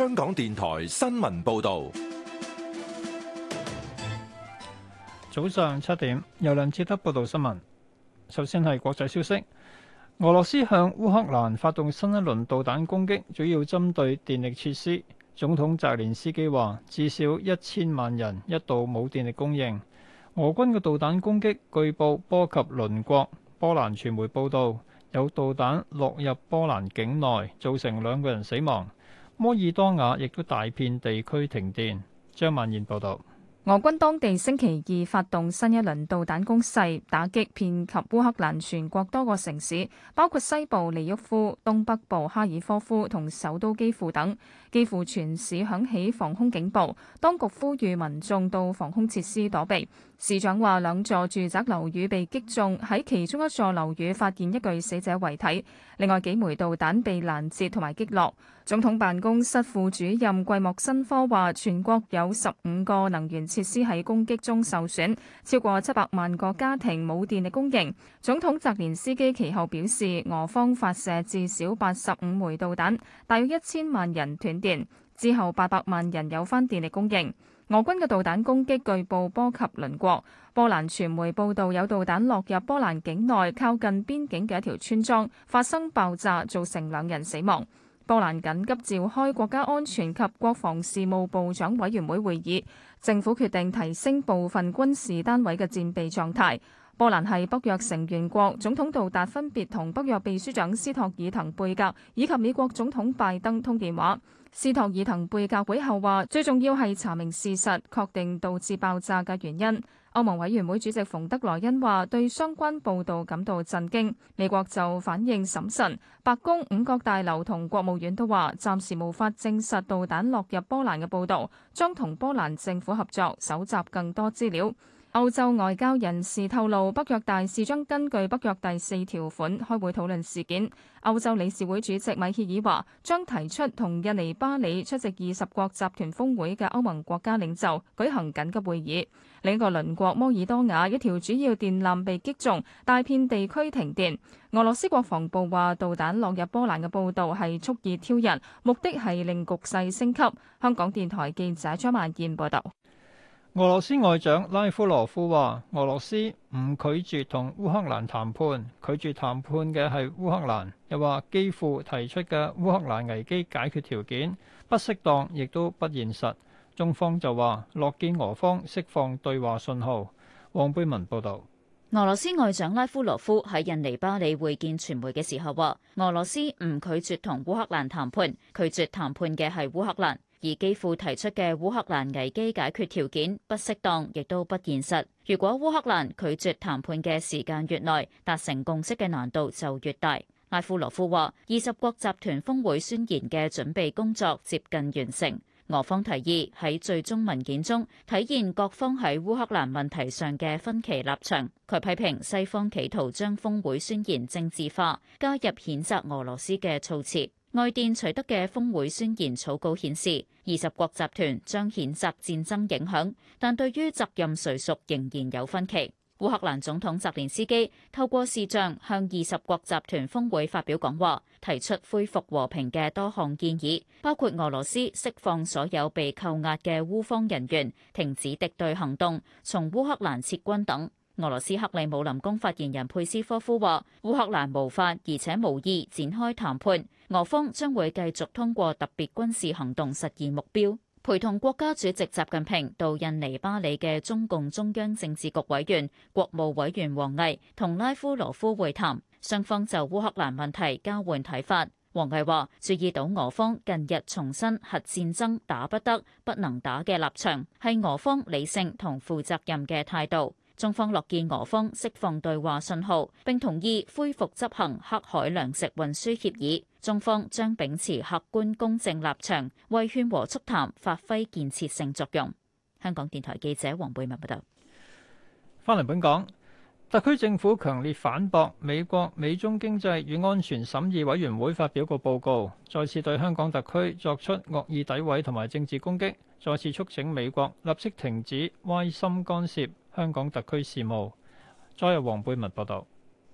香港電台新聞報道，早上七點，由梁捷德報道新聞。首先係國際消息，俄羅斯向烏克蘭發動新一輪導彈攻擊，主要針對電力設施。總統澤連斯基話，至少一千萬人一度冇電力供應。俄軍嘅導彈攻擊據報波及鄰國波蘭。傳媒報道有導彈落入波蘭境內，造成兩個人死亡。摩爾多瓦亦都大片地區停電。張曼燕報道，俄軍當地星期二發動新一輪導彈攻勢，打擊遍及烏克蘭全國多個城市，包括西部利沃夫、東北部哈爾科夫同首都基輔等，幾乎全市響起防空警報，當局呼籲民眾到防空設施躲避。市長話兩座住宅樓宇被擊中，喺其中一座樓宇發現一具死者遺體。另外幾枚導彈被攔截同埋擊落。總統辦公室副主任季莫申科話：全國有十五個能源設施喺攻擊中受損，超過七百萬個家庭冇電力供應。總統澤連斯基其後表示，俄方發射至少八十五枚導彈，大約一千萬人斷電，之後八百萬人有翻電力供應。俄軍嘅導彈攻擊據報波及鄰國。波蘭傳媒報導有導彈落入波蘭境內，靠近邊境嘅一條村莊發生爆炸，造成兩人死亡。波蘭緊急召開國家安全及國防事務部長委員會會議，政府決定提升部分軍事單位嘅戰備狀態。波蘭係北約成員國，總統杜達分別同北約秘書長斯托爾滕貝格以及美國總統拜登通電話。斯托爾滕貝格會後話，最重要係查明事實，確定導致爆炸嘅原因。歐盟委員會主席馮德萊恩話，對相關報道感到震驚。美國就反應審慎，白宮、五角大樓同國務院都話，暫時無法證實導彈落入波蘭嘅報道，將同波蘭政府合作搜集更多資料。歐洲外交人士透露，北約大使將根據北約第四條款開會討論事件。歐洲理事會主席米歇爾話，將提出同印尼巴里出席二十國集團峰會嘅歐盟國家領袖舉行緊急會議。另一個鄰國摩爾多瓦一條主要電纜被擊中，大片地區停電。俄羅斯國防部話導彈落入波蘭嘅報道，係蓄意挑釁，目的係令局勢升級。香港電台記者張萬燕報道。俄羅斯外長拉夫羅夫話：俄羅斯唔拒絕同烏克蘭談判，拒絕談判嘅係烏克蘭。又話基輔提出嘅烏克蘭危機解決條件不適當，亦都不現實。中方就話樂見俄方釋放對話信號。黃貝文報導。俄羅斯外長拉夫羅夫喺印尼巴里會見傳媒嘅時候話：俄羅斯唔拒絕同烏克蘭談判，拒絕談判嘅係烏克蘭。而基輔提出嘅烏克蘭危機解決條件不適當，亦都不現實。如果烏克蘭拒絕談判嘅時間越耐，達成共識嘅難度就越大。拉夫羅夫話：二十國集團峰會宣言嘅準備工作接近完成，俄方提議喺最終文件中體現各方喺烏克蘭問題上嘅分歧立場。佢批評西方企圖將峰會宣言政治化，加入譴責俄羅斯嘅措辭。外電取得嘅峰會宣言草稿顯示，二十國集團將譴責戰爭影響，但對於責任誰屬仍然有分歧。烏克蘭總統澤連斯基透過視像向二十國集團峰會發表講話，提出恢復和平嘅多項建議，包括俄羅斯釋放所有被扣押嘅烏方人員、停止敵對行動、從烏克蘭撤軍等。俄羅斯克里姆林宮發言人佩斯科夫話：烏克蘭無法而且無意展開談判，俄方將會繼續通過特別軍事行動實現目標。陪同國家主席習近平到印尼巴里嘅中共中央政治局委員、國務委員王毅同拉夫羅夫會談，雙方就烏克蘭問題交換睇法。王毅話：注意到俄方近日重申核戰爭打不得、不能打嘅立場，係俄方理性同負責任嘅態度。中方樂見俄方釋放對話信號，並同意恢復執行黑海糧食運輸協議。中方將秉持客觀公正立場，為勸和促談發揮建設性作用。香港電台記者黃貝文報道。翻嚟本港，特區政府強烈反駁美國美中經濟與安全審議委員會發表過報告，再次對香港特區作出惡意詆毀同埋政治攻擊，再次促請美國立即停止歪心干涉。香港特區事務，昨日黃貝文報道，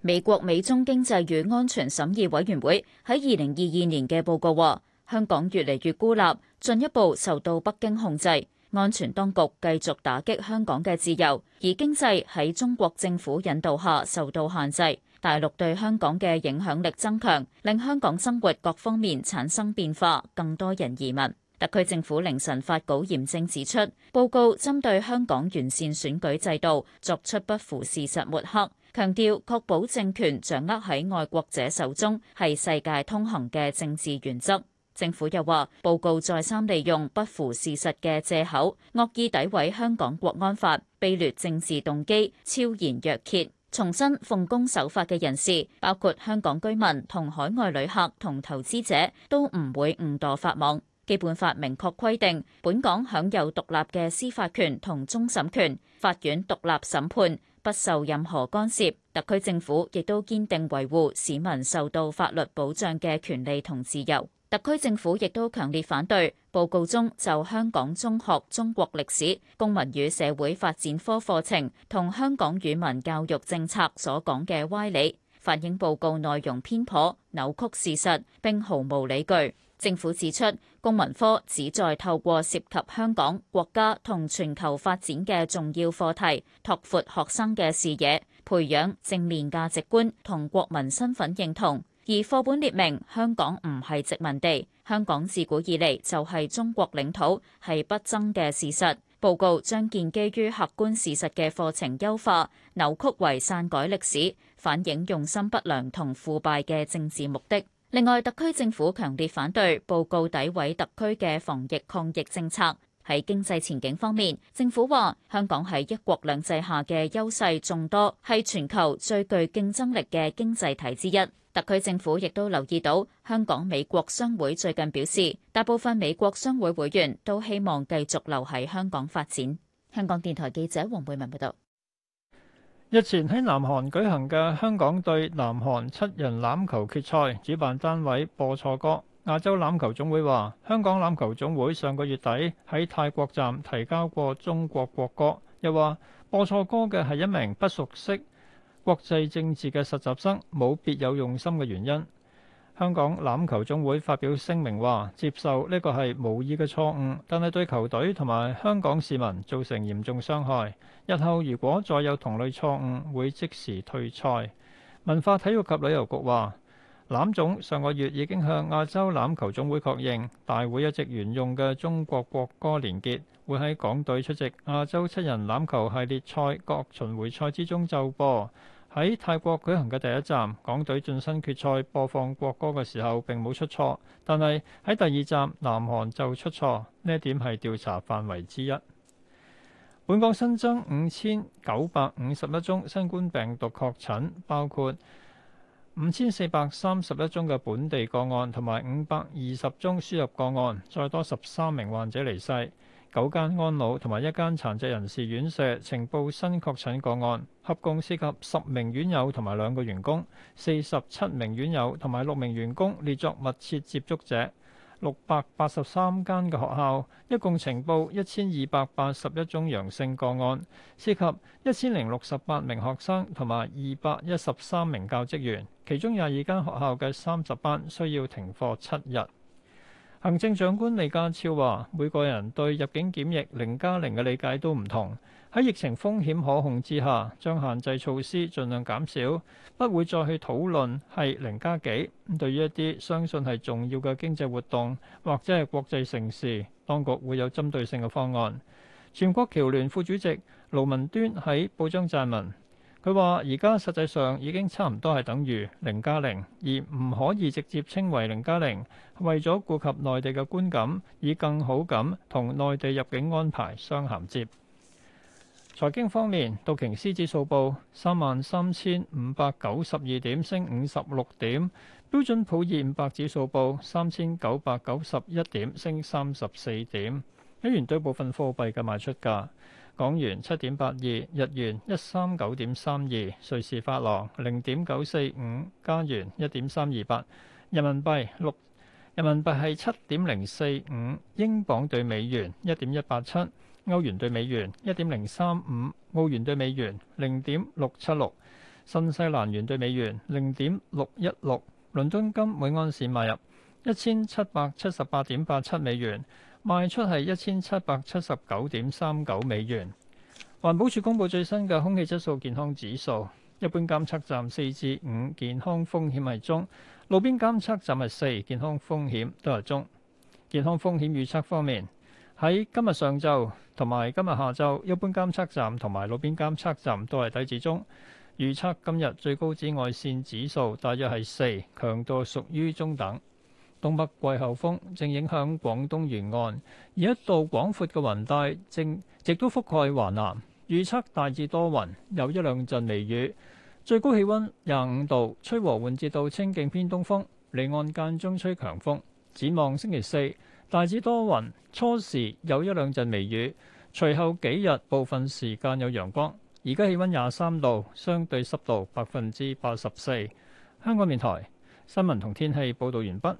美國美中經濟與安全審議委員會喺二零二二年嘅報告話，香港越嚟越孤立，進一步受到北京控制，安全當局繼續打擊香港嘅自由，而經濟喺中國政府引導下受到限制，大陸對香港嘅影響力增強，令香港生活各方面產生變化，更多人移民。特區政府凌晨發稿嚴正指出，報告針對香港完善選舉制度作出不符事實抹黑，強調確保政權掌握喺愛國者手中係世界通行嘅政治原則。政府又話，報告再三利用不符事實嘅借口，惡意詆毀香港國安法，卑劣政治動機，昭然若揭。重申奉公守法嘅人士，包括香港居民、同海外旅客同投資者，都唔會誤墮法網。基本法明確規定，本港享有獨立嘅司法權同終審權，法院獨立審判，不受任何干涉。特區政府亦都堅定維護市民受到法律保障嘅權利同自由。特區政府亦都強烈反對報告中就香港中學中國歷史、公民與社會發展科課程同香港語文教育政策所講嘅歪理，反映報告內容偏頗、扭曲事實，並毫無理據。政府指出，公民科旨在透過涉及香港、國家同全球發展嘅重要課題，拓闊學生嘅視野，培養正面價值觀同國民身份認同。而課本列明，香港唔係殖民地，香港自古以嚟就係中國領土，係不爭嘅事實。報告將建基於客觀事實嘅課程優化扭曲為篡改歷史，反映用心不良同腐敗嘅政治目的。另外，特區政府強烈反對報告，詆毀特區嘅防疫抗疫政策。喺經濟前景方面，政府話香港喺一國兩制下嘅優勢眾多，係全球最具競爭力嘅經濟體之一。特區政府亦都留意到，香港美國商會最近表示，大部分美國商會會員都希望繼續留喺香港發展。香港電台記者黃貝文報道。日前喺南韓舉行嘅香港對南韓七人欖球決賽，主辦單位播錯歌。亞洲欖球總會話，香港欖球總會上個月底喺泰國站提交過中國國歌，又話播錯歌嘅係一名不熟悉國際政治嘅實習生，冇別有用心嘅原因。香港欖球總會發表聲明話，接受呢個係無意嘅錯誤，但係對球隊同埋香港市民造成嚴重傷害。日後如果再有同類錯誤，會即時退賽。文化體育及旅遊局話，欖總上個月已經向亞洲欖球總會確認，大會一直沿用嘅中國國歌連結，會喺港隊出席亞洲七人欖球系列賽各巡迴賽之中就播。喺泰國舉行嘅第一站，港隊晉身決賽播放國歌嘅時候並冇出錯，但係喺第二站南韓就出錯，呢一點係調查範圍之一。本港新增五千九百五十一宗新冠病毒確診，包括五千四百三十一宗嘅本地個案同埋五百二十宗輸入個案，再多十三名患者離世。九間安老同埋一間殘疾人士院舍呈報新確診個案，合共涉及十名院友同埋兩個員工，四十七名院友同埋六名員工列作密切接觸者。六百八十三間嘅學校，一共呈報一千二百八十一宗陽性個案，涉及一千零六十八名學生同埋二百一十三名教職員，其中廿二間學校嘅三十班需要停課七日。行政長官李家超話：每個人對入境檢疫零加零嘅理解都唔同。喺疫情風險可控之下，將限制措施盡量減少，不會再去討論係零加幾。0, 對於一啲相信係重要嘅經濟活動或者係國際城市，當局會有針對性嘅方案。全國僑聯副主席盧文端喺報章撰文。佢話：而家實際上已經差唔多係等於零加零，0, 而唔可以直接稱為零加零。0, 為咗顧及內地嘅觀感，以更好咁同內地入境安排相銜接。財經方面，道瓊斯指數報三萬三千五百九十二點，升五十六點；標準普爾五百指數報三千九百九十一點，升三十四點。美元對部分貨幣嘅賣出價。港元七點八二，日元一三九點三二，瑞士法郎零點九四五，加元一點三二八，人民幣六人民幣係七點零四五，英鎊對美元一點一八七，歐元對美元一點零三五，澳元對美元零點六七六，新西蘭元對美元零點六一六，倫敦金每安士買入一千七百七十八點八七美元。賣出係一千七百七十九點三九美元。環保署公布最新嘅空氣質素健康指數，一般監測站四至五，健康風險係中；路邊監測站係四，健康風險都係中。健康風險預測方面，喺今日上晝同埋今日下晝，一般監測站同埋路邊監測站都係低至中。預測今日最高紫外線指數大約係四，強度屬於中等。東北季候風正影響廣東沿岸，而一道廣闊嘅雲帶正亦都覆蓋華南。預測大致多雲，有一兩陣微雨，最高氣温廿五度，吹和緩至到清勁偏東風，離岸間中吹強風。展望星期四，大致多雲，初時有一兩陣微雨，隨後幾日部分時間有陽光。而家氣温廿三度，相對濕度百分之八十四。香港電台新聞同天氣報導完畢。